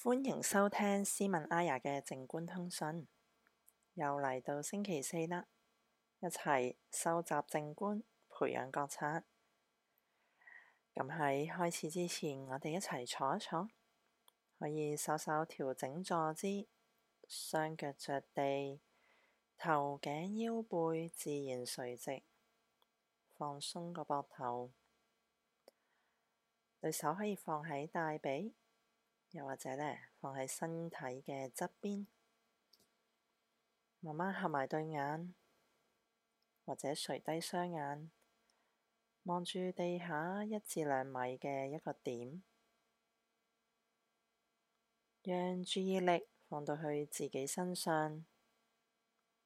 歡迎收聽斯文阿 y 嘅靜觀通訊，又嚟到星期四啦，一齊收集靜觀，培養覺察。咁、嗯、喺開始之前，我哋一齊坐一坐，可以稍稍調整坐姿，雙腳着地，頭頸腰背自然垂直，放鬆個膊頭，對手可以放喺大髀。又或者呢，放喺身體嘅側邊，慢慢合埋對眼，或者垂低雙眼，望住地下一至兩米嘅一個點，讓注意力放到去自己身上，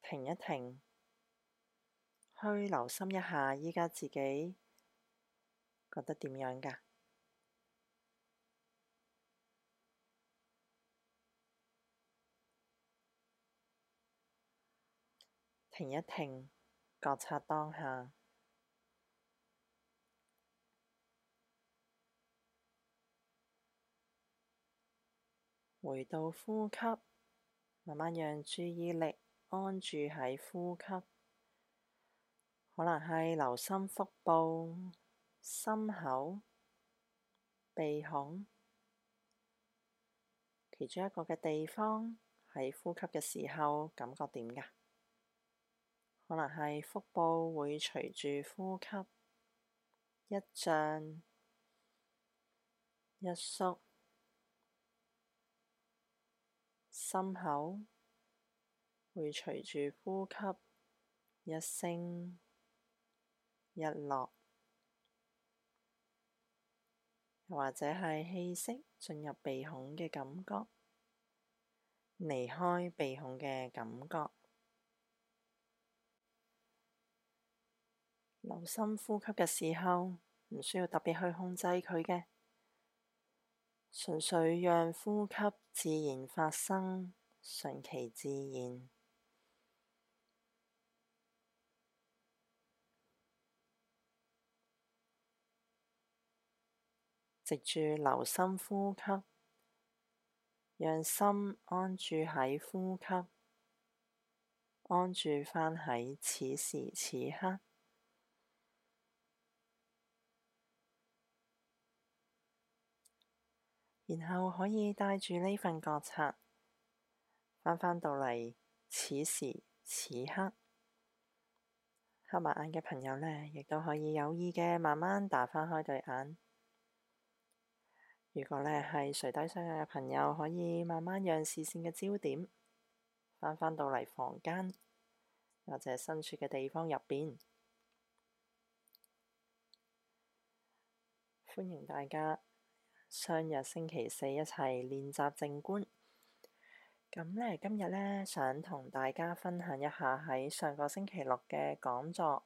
停一停，去留心一下，依家自己覺得點樣噶？停一停，覺察當下，回到呼吸，慢慢讓注意力安住喺呼吸。可能係留心腹部、心口、鼻孔，其中一個嘅地方喺呼吸嘅時候感覺點㗎？可能係腹部會隨住呼吸一漲一縮，心口會隨住呼吸一升一落，又或者係氣息進入鼻孔嘅感覺，離開鼻孔嘅感覺。留心呼吸嘅時候，唔需要特別去控制佢嘅，純粹讓呼吸自然發生，順其自然。藉住留心呼吸，讓心安住喺呼吸，安住返喺此時此刻。然後可以帶住呢份覺察，翻返到嚟此時此刻，黑埋眼嘅朋友呢，亦都可以有意嘅慢慢打翻開對眼。如果呢係垂低雙眼嘅朋友，可以慢慢讓視線嘅焦點翻返到嚟房間或者身處嘅地方入邊。歡迎大家。上日星期四一齊練習靜觀，咁咧今日咧想同大家分享一下喺上個星期六嘅講座，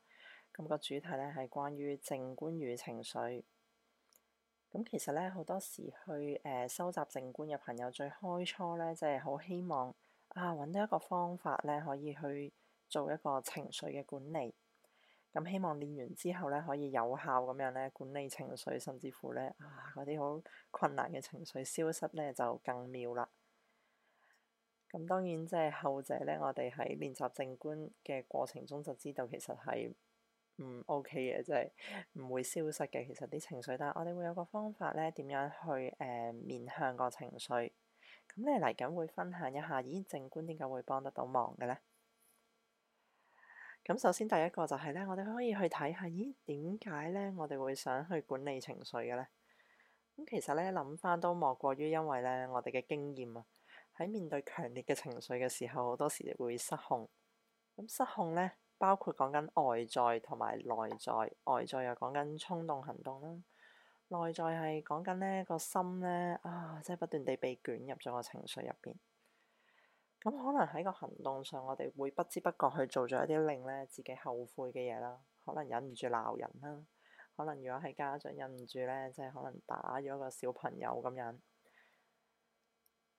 咁個主題咧係關於靜觀與情緒。咁其實咧好多時去誒收集靜觀嘅朋友，最開初咧即係好希望啊，揾到一個方法咧可以去做一個情緒嘅管理。咁希望練完之後咧，可以有效咁樣咧管理情緒，甚至乎咧啊嗰啲好困難嘅情緒消失咧就更妙啦。咁當然即係後者咧，我哋喺練習靜觀嘅過程中就知道其實係唔 OK 嘅，即係唔會消失嘅。其實啲情緒，但係我哋會有個方法咧，點樣去誒、呃、面向個情緒。咁咧嚟緊會分享一下，咦，靜觀點解會幫得到忙嘅咧？咁首先第一個就係咧，我哋可以去睇下，咦，點解咧？我哋會想去管理情緒嘅咧？咁其實咧，諗翻都莫過於因為咧，我哋嘅經驗啊，喺面對強烈嘅情緒嘅時候，好多時會失控。咁失控咧，包括講緊外在同埋內在，外在又講緊衝動行動啦，內在係講緊呢個心咧啊，即係不斷地被捲入咗個情緒入邊。咁可能喺個行動上，我哋會不知不覺去做咗一啲令呢自己後悔嘅嘢啦。可能忍唔住鬧人啦，可能如果係家長忍唔住呢，即係可能打咗個小朋友咁樣。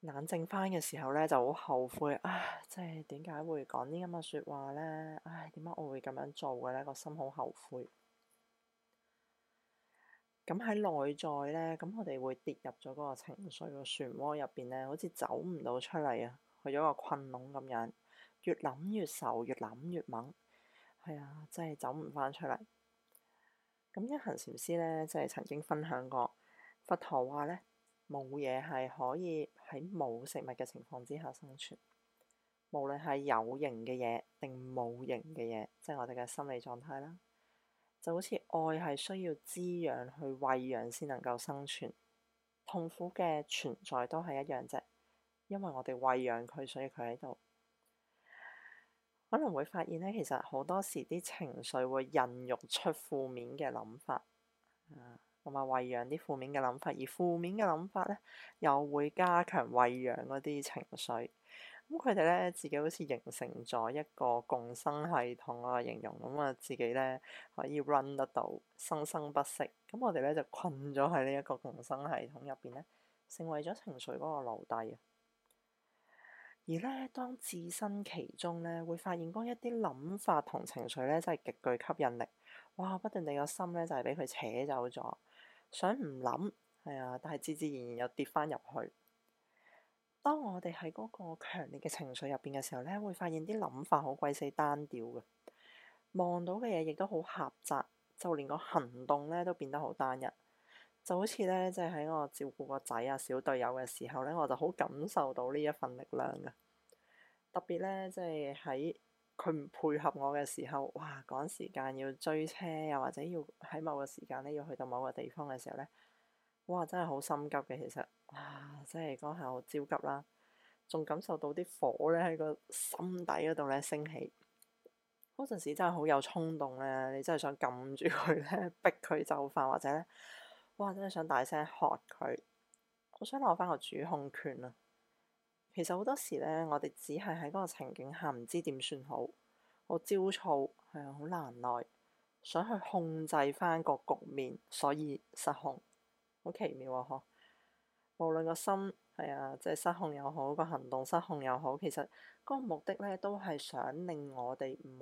冷靜返嘅時候呢，就好後悔啊！即係點解會講啲咁嘅說話呢？唉，點解我會咁樣做嘅呢？個心好後悔。咁喺內在呢，咁我哋會跌入咗嗰個情緒個漩渦入邊呢，好似走唔到出嚟啊！去咗個困籠咁樣，越諗越愁，越諗越猛，係啊、哎，真係走唔返出嚟。咁一行禪師呢，就係曾經分享過，佛陀話呢，冇嘢係可以喺冇食物嘅情況之下生存，無論係有形嘅嘢定冇形嘅嘢，即係我哋嘅心理狀態啦，就好似愛係需要滋養去餵養先能夠生存，痛苦嘅存在都係一樣啫。因為我哋餵養佢，所以佢喺度可能會發現呢。其實好多時啲情緒會孕育出負面嘅諗法，同埋、啊嗯、餵養啲負面嘅諗法，而負面嘅諗法呢，又會加強餵養嗰啲情緒。咁佢哋呢，自己好似形成咗一個共生系統啊，形容咁啊、嗯，自己呢，可以 run 得到生生不息。咁、嗯、我哋呢，就困咗喺呢一個共生系統入邊呢，成為咗情緒嗰個奴隸啊！而咧，當置身其中咧，會發現嗰一啲諗法同情緒咧，真係極具吸引力。哇！不斷地個心咧就係俾佢扯走咗，想唔諗係啊，但係自自然然又跌翻入去。當我哋喺嗰個強烈嘅情緒入邊嘅時候咧，會發現啲諗法好鬼死單調嘅，望到嘅嘢亦都好狹窄，就連個行動咧都變得好單一。就好似咧，即係喺我照顧個仔啊，小隊友嘅時候咧，我就好感受到呢一份力量嘅。特別咧，即係喺佢唔配合我嘅時候，哇！趕、那個、時間要追車，又或者要喺某個時間咧要去到某個地方嘅時候咧，哇！真係好心急嘅，其實啊，真係嗰下好焦急啦，仲感受到啲火咧喺個心底嗰度咧升起。嗰、那、陣、個、時真係好有衝動咧、啊，你真係想撳住佢咧，逼佢就範或者咧。哇！真係想大聲喝佢，我想攞翻個主控權啊！其實好多時呢，我哋只係喺嗰個情景下唔知點算好，好焦躁係啊，好難耐，想去控制翻個局面，所以失控，好奇妙啊！嗬，無論個心係啊，即係失控又好，個行動失控又好，其實嗰個目的呢，都係想令我哋唔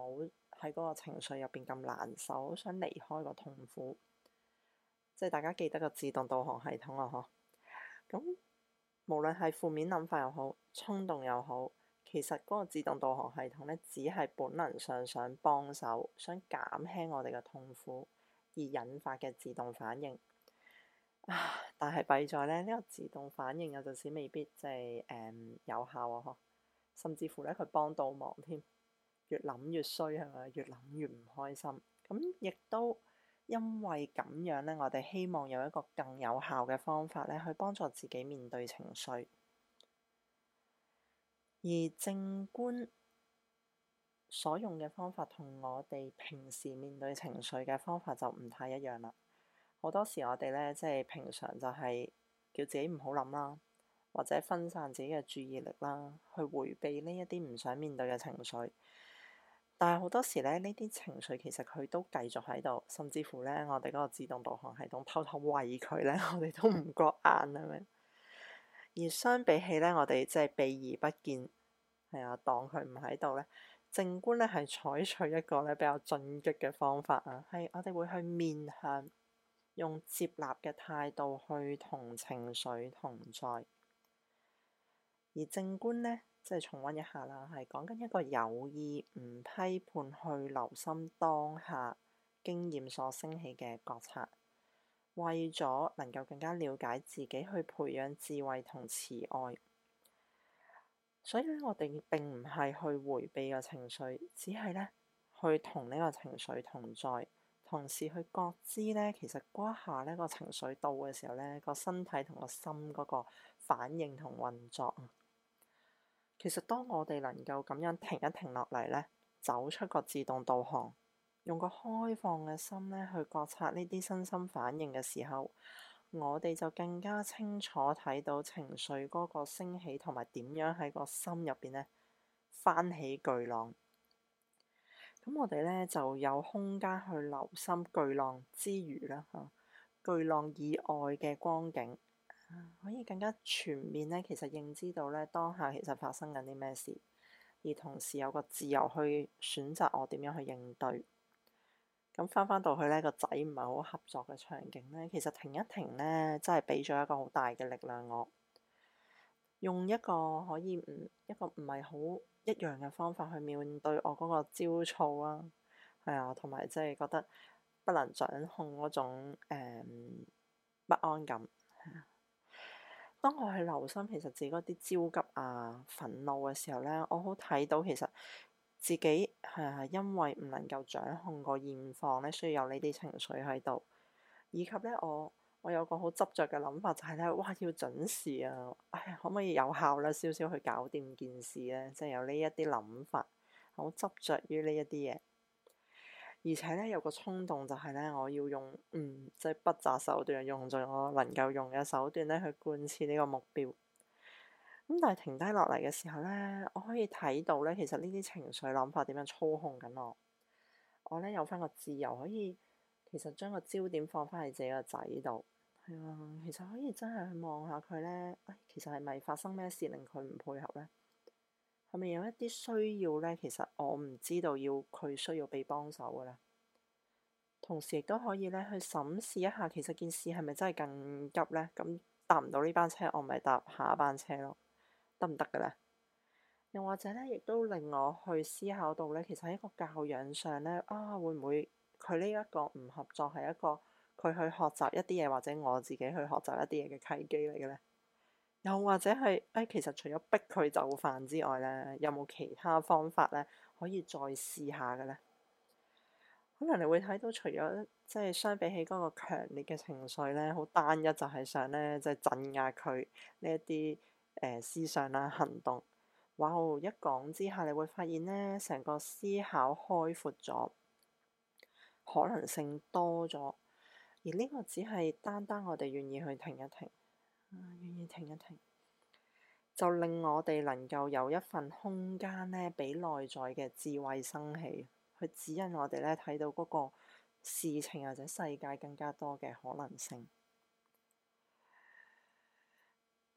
好喺嗰個情緒入邊咁難受，想離開個痛苦。即係大家記得個自動導航系統啊！嗬，咁無論係負面諗法又好，衝動又好，其實嗰個自動導航系統呢，只係本能上想幫手，想減輕我哋嘅痛苦而引發嘅自動反應。但係弊在呢，呢個自動反應有陣時未必即係誒有效啊！嗬，甚至乎呢，佢幫到忙添，越諗越衰係咪？越諗越唔開心，咁亦都。因為咁樣呢，我哋希望有一個更有效嘅方法呢，去幫助自己面對情緒。而靜觀所用嘅方法，同我哋平時面對情緒嘅方法就唔太一樣啦。好多時我哋呢，即係平常就係叫自己唔好諗啦，或者分散自己嘅注意力啦，去迴避呢一啲唔想面對嘅情緒。但係好多時咧，呢啲情緒其實佢都繼續喺度，甚至乎咧，我哋嗰個自動導航系統偷偷餵佢咧，我哋都唔覺眼啊！而相比起咧，我哋即係避而不見，係啊，當佢唔喺度咧，靜觀咧係採取一個咧比較進擊嘅方法啊，係我哋會去面向，用接納嘅態度去同情緒同在，而靜觀咧。即係重温一下啦，係講緊一個有意唔批判去留心當下經驗所升起嘅覺察，為咗能夠更加了解自己，去培養智慧同慈愛。所以咧，我哋並唔係去回避個情緒，只係呢去同呢個情緒同在，同時去覺知呢，其實嗰一下呢個情緒到嘅時候呢，個身體同個心嗰個反應同運作。其實當我哋能夠咁樣停一停落嚟呢，走出個自動導航，用個開放嘅心呢去覺察呢啲身心反應嘅時候，我哋就更加清楚睇到情緒嗰個升起同埋點樣喺個心入邊呢翻起巨浪。咁我哋呢就有空間去留心巨浪之餘啦，嚇巨浪以外嘅光景。可以更加全面咧，其實認知到咧當下其實發生緊啲咩事，而同時有個自由去選擇我點樣去應對。咁翻返到去呢個仔唔係好合作嘅場景呢，其實停一停呢，真係俾咗一個好大嘅力量我。我用一個可以唔一個唔係好一樣嘅方法去面對我嗰個焦躁啊，係啊，同埋即係覺得不能掌控嗰種誒、嗯、不安感。當我去留心其實自己嗰啲焦急啊、憤怒嘅時候咧，我好睇到其實自己係、啊、因為唔能夠掌控個現況咧，需要有呢啲情緒喺度，以及咧我我有個好執着嘅諗法就係、是、咧，哇要準時啊，唉可唔可以有效率少少去搞掂件事咧，即、就、係、是、有呢一啲諗法，好執着於呢一啲嘢。而且咧有個衝動就係咧，我要用嗯即係、就是、不擇手段，用盡我能夠用嘅手段咧去貫徹呢個目標。咁但係停低落嚟嘅時候咧，我可以睇到咧，其實呢啲情緒諗法點樣操控緊我。我咧有翻個自由可以，其實將個焦點放翻喺自己個仔度。係啊，其實可以真係去望下佢咧，唉，其實係咪發生咩事令佢唔配合咧？係咪有一啲需要咧？其實。我唔知道要佢需要俾幫手嘅咧，同時亦都可以咧去審視一下，其實件事係咪真係緊急呢？咁、嗯、搭唔到呢班車，我咪搭下一班車咯，得唔得嘅咧？又或者咧，亦都令我去思考到咧，其實喺一個教養上咧，啊會唔會佢呢一個唔合作係一個佢去學習一啲嘢，或者我自己去學習一啲嘢嘅契機嚟嘅咧？又或者係誒、哎，其實除咗逼佢就範之外呢，有冇其他方法呢？可以再試下嘅呢？可能你會睇到除，除咗即係相比起嗰個強烈嘅情緒呢，好單一，就係想呢，即係鎮壓佢呢一啲誒思想啦、啊、行動。哇、哦！一講之下，你會發現呢，成個思考開闊咗，可能性多咗，而呢個只係單單我哋願意去停一停。啊，願意停一停，就令我哋能夠有一份空間呢，俾內在嘅智慧升起，去指引我哋呢睇，到嗰個事情或者世界更加多嘅可能性。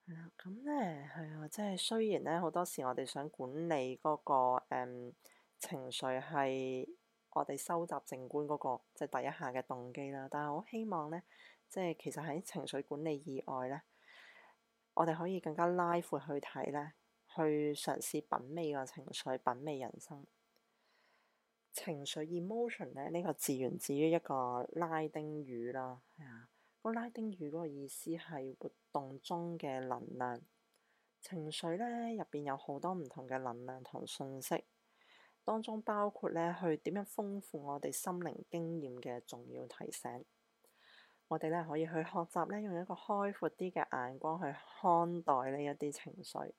咁、嗯、呢係啊，即係雖然呢好多時我哋想管理嗰、那個誒、嗯、情緒係我哋收集靜觀嗰、那個即係、就是、第一下嘅動機啦，但係我希望呢，即係其實喺情緒管理以外呢。我哋可以更加拉闊去睇呢，去嘗試品味個情緒，品味人生。情緒 emotion 呢呢個字源自於一個拉丁語啦，係啊個拉丁語嗰個意思係活動中嘅能量。情緒呢入邊有好多唔同嘅能量同信息，當中包括呢去點樣豐富我哋心靈經驗嘅重要提醒。我哋咧可以去學習咧，用一個開闊啲嘅眼光去看待呢一啲情緒。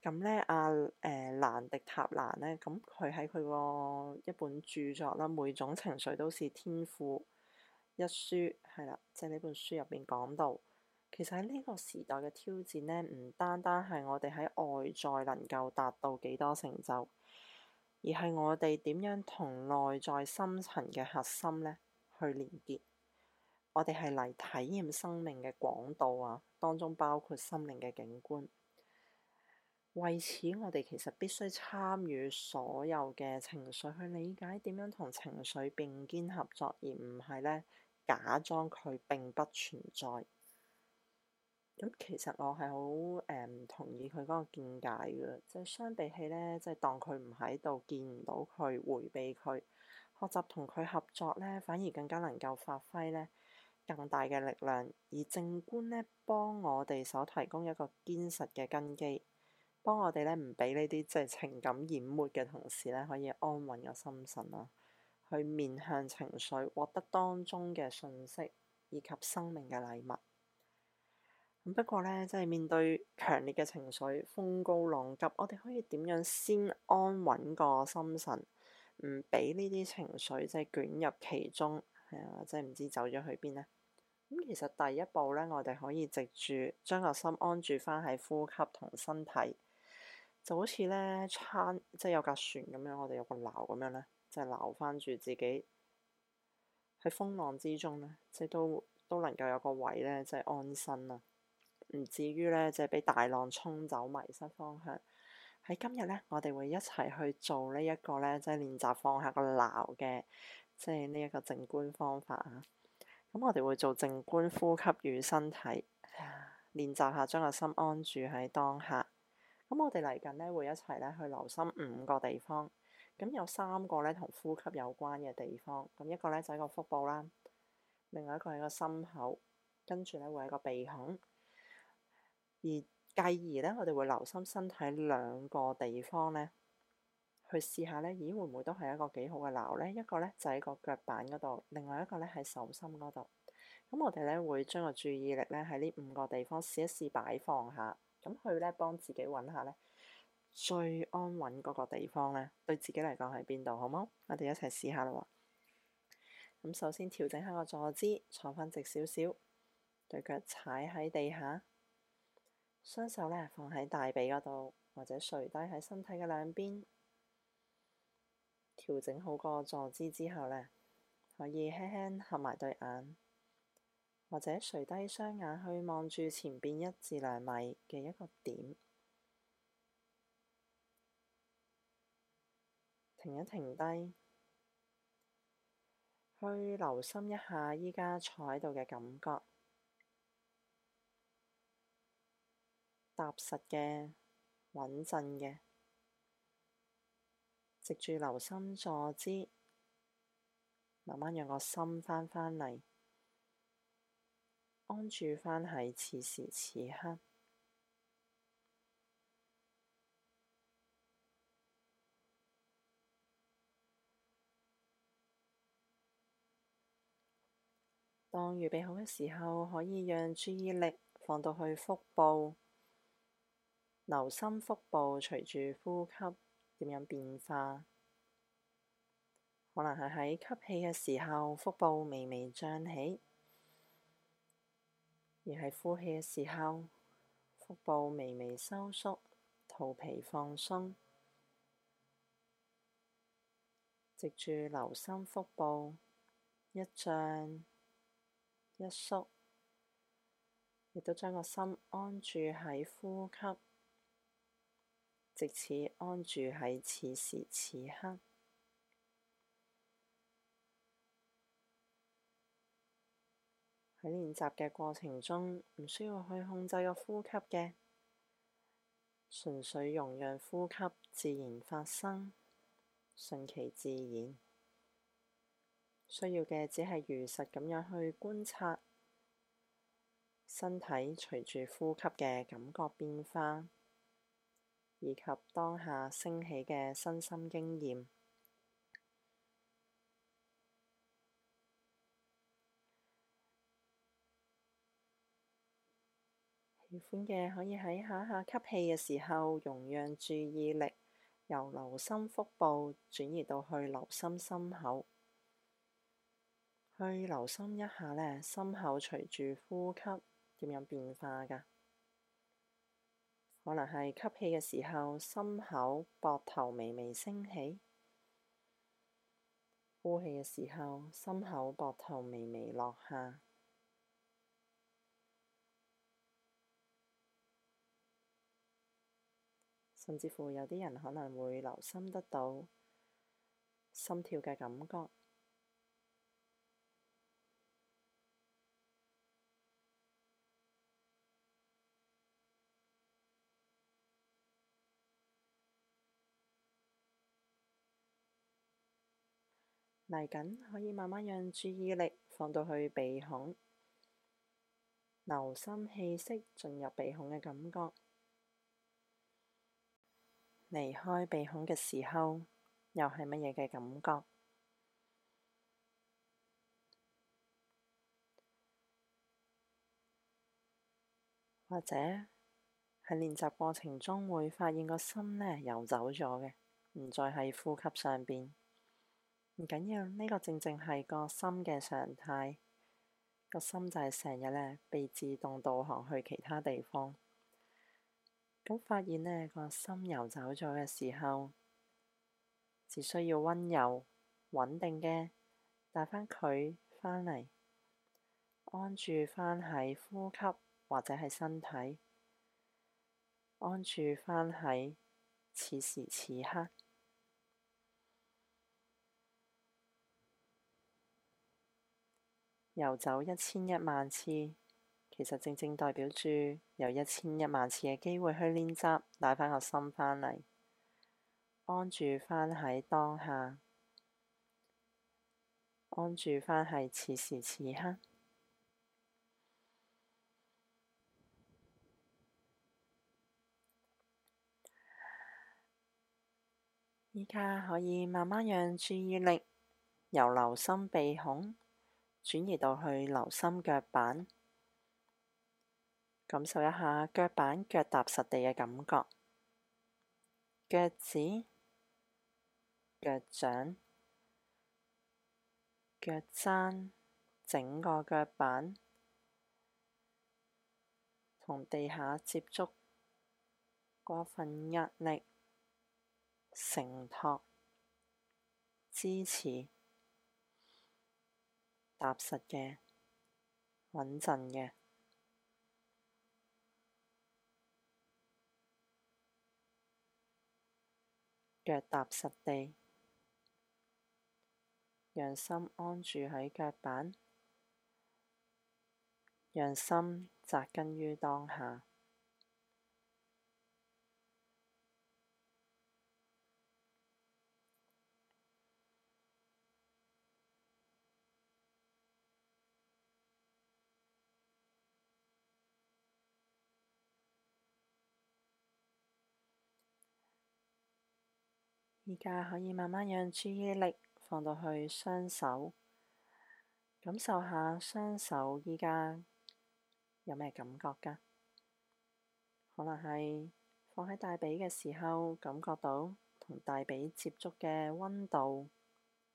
咁、啊、咧，阿、呃、誒蘭迪塔蘭咧，咁佢喺佢個一本著作啦，《每種情緒都是天賦》一書係啦，即係呢本書入邊講到，其實喺呢個時代嘅挑戰呢，唔單單係我哋喺外在能夠達到幾多成就，而係我哋點樣同內在深層嘅核心呢去連結。我哋係嚟體驗生命嘅廣度啊，當中包括心靈嘅景觀。為此，我哋其實必須參與所有嘅情緒，去理解點樣同情緒並肩合作，而唔係呢，假裝佢並不存在。咁其實我係好誒唔同意佢嗰個見解嘅，即係相比起呢，即係當佢唔喺度，見唔到佢，迴避佢，學習同佢合作呢，反而更加能夠發揮呢，更大嘅力量，而靜觀呢，幫我哋所提供一個堅實嘅根基，幫我哋呢唔俾呢啲即係情感淹沒嘅同時呢，可以安穩個心神啊，去面向情緒，獲得當中嘅信息以及生命嘅禮物。不過呢，即係面對強烈嘅情緒，風高浪急，我哋可以點樣先安穩個心神，唔俾呢啲情緒即係捲入其中，係啊，即係唔知走咗去邊呢？咁其實第一步咧，我哋可以藉住將個心安住翻喺呼吸同身體，就好似咧，餐即係有架船咁樣，我哋有個錨咁樣咧，即係錨翻住自己喺風浪之中咧，即係都都能夠有個位咧，即係安身啊，唔至於咧即係俾大浪沖走，迷失方向。喺今日咧，我哋會一齊去做呢一個咧，即係練習放下個錨嘅，即係呢一個靜觀方法啊。咁我哋會做靜觀呼吸與身體練習，練習下將個心安住喺當下。咁我哋嚟緊咧會一齊咧去留心五個地方。咁有三個咧同呼吸有關嘅地方，咁一個咧就喺個腹部啦，另外一個喺個心口，跟住咧會喺個鼻孔。而繼而咧，我哋會留心身體兩個地方咧。去試下呢，咦會唔會都係一個幾好嘅錨呢？一個呢，就喺個腳板嗰度，另外一個呢，喺手心嗰度。咁我哋呢，會將個注意力呢，喺呢五個地方試一試擺放下，咁去呢，幫自己揾下呢，最安穩嗰個地方呢，對自己嚟講係邊度？好冇？我哋一齊試下啦喎。咁首先調整下個坐姿，坐翻直少少，對腳踩喺地下，雙手呢，放喺大髀嗰度，或者垂低喺身體嘅兩邊。調整好個坐姿之後呢，可以輕輕合埋對眼，或者垂低雙眼去望住前邊一至兩米嘅一個點，停一停低，去留心一下依家坐喺度嘅感覺，踏實嘅、穩陣嘅。藉住留心坐姿，慢慢讓個心翻返嚟，安住翻喺此時此刻。當預備好嘅時候，可以讓注意力放到去腹部，留心腹部隨住呼吸。點樣變化？可能係喺吸氣嘅時候，腹部微微脹起；而喺呼氣嘅時候，腹部微微收縮，肚皮放鬆。藉住留心腹部一脹一縮，亦都將個心安住喺呼吸。直至安住喺此時此刻，喺練習嘅過程中，唔需要去控制個呼吸嘅，純粹容讓呼吸自然發生，順其自然。需要嘅只係如實咁樣去觀察身體隨住呼吸嘅感覺變化。以及當下升起嘅身心經驗，喜歡嘅可以喺下下吸氣嘅時候，容讓注意力由留心腹部轉移到去留心心口，去留心一下呢心口隨住呼吸點樣變化㗎。可能係吸氣嘅時候，心口膊頭微微升起；呼氣嘅時候，心口膊頭微微落下。甚至乎有啲人可能會留心得到心跳嘅感覺。嚟緊可以慢慢讓注意力放到去鼻孔，留心氣息進入鼻孔嘅感覺，離開鼻孔嘅時候又係乜嘢嘅感覺？或者喺練習過程中會發現個心呢遊走咗嘅，唔再喺呼吸上邊。唔緊要，呢個正正係個心嘅常態，個心就係成日呢被自動導航去其他地方，咁發現呢個心游走咗嘅時候，只需要温柔穩定嘅帶返佢返嚟，安住返喺呼吸或者係身體，安住返喺此時此刻。遊走一千一萬次，其實正正代表住由一千一萬次嘅機會去練習，帶翻個心翻嚟，安住翻喺當下，安住翻喺此時此刻。依家可以慢慢讓注意力由留心鼻孔。轉移到去留心腳板，感受一下腳板腳踏實地嘅感覺，腳趾、腳掌、腳踭，整個腳板同地下接觸，過分壓力、承托、支持。踏實嘅，穩陣嘅，腳踏實地，讓心安住喺腳板，讓心扎根於當下。而家可以慢慢讓注意力放到去雙手，感受下雙手而家有咩感覺㗎？可能係放喺大髀嘅時候，感覺到同大髀接觸嘅溫度、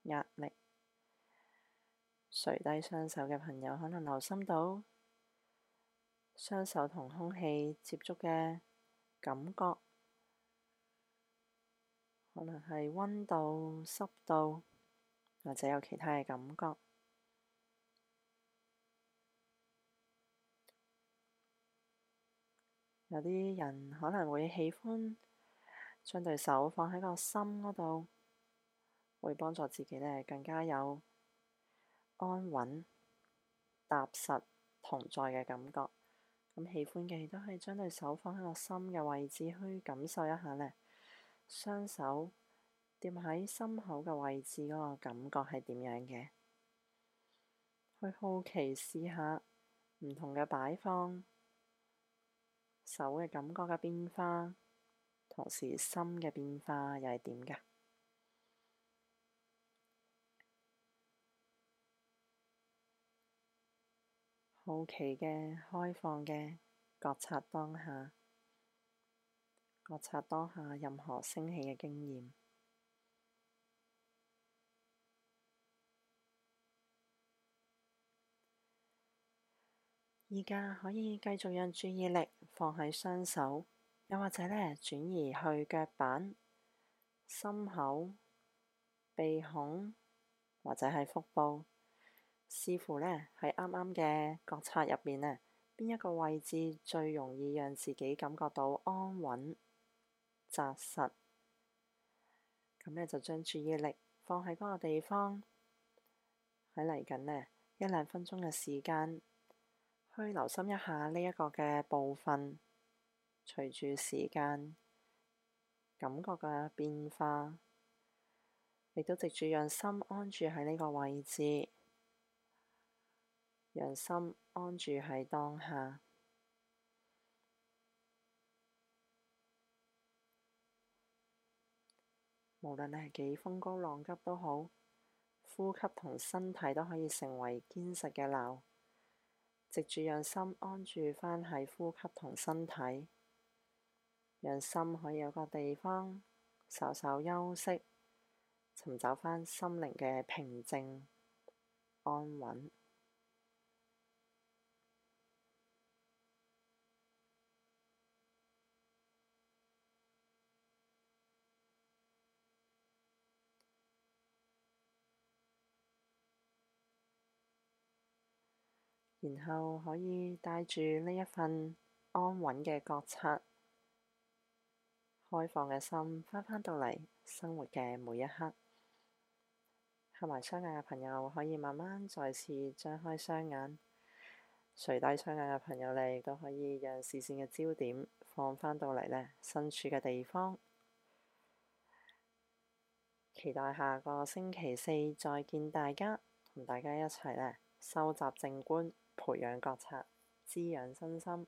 壓力。垂低雙手嘅朋友，可能留心到雙手同空氣接觸嘅感覺。可能係溫度、濕度，或者有其他嘅感覺。有啲人可能會喜歡將對手放喺個心嗰度，會幫助自己呢更加有安穩、踏實、同在嘅感覺。咁喜歡嘅都係將對手放喺個心嘅位置，去感受一下呢。雙手掂喺心口嘅位置，嗰個感覺係點樣嘅？去好奇試下唔同嘅擺放手嘅感覺嘅變化，同時心嘅變化又係點嘅？好奇嘅、開放嘅、覺察當下。覺察當下任何升起嘅經驗，而家可以繼續讓注意力放喺雙手，又或者呢轉移去腳板、心口、鼻孔，或者係腹部，視乎呢係啱啱嘅覺察入面啊，邊一個位置最容易讓自己感覺到安穩。紮實，咁咧就將注意力放喺嗰個地方，喺嚟緊呢一兩分鐘嘅時間，去留心一下呢一個嘅部分，隨住時間感覺嘅變化，亦都藉住讓心安住喺呢個位置，讓心安住喺當下。無論你係幾風高浪急都好，呼吸同身體都可以成為堅實嘅錨，藉住讓心安住返喺呼吸同身體，讓心可以有個地方稍稍休息，尋找返心靈嘅平靜安穩。然後可以帶住呢一份安穩嘅覺察、開放嘅心，返返到嚟生活嘅每一刻。合埋雙眼嘅朋友可以慢慢再次張開雙眼，垂低雙眼嘅朋友咧亦都可以讓視線嘅焦點放返到嚟呢身處嘅地方，期待下個星期四再見大家，同大家一齊呢修習靜觀。培養覺察，滋養身心。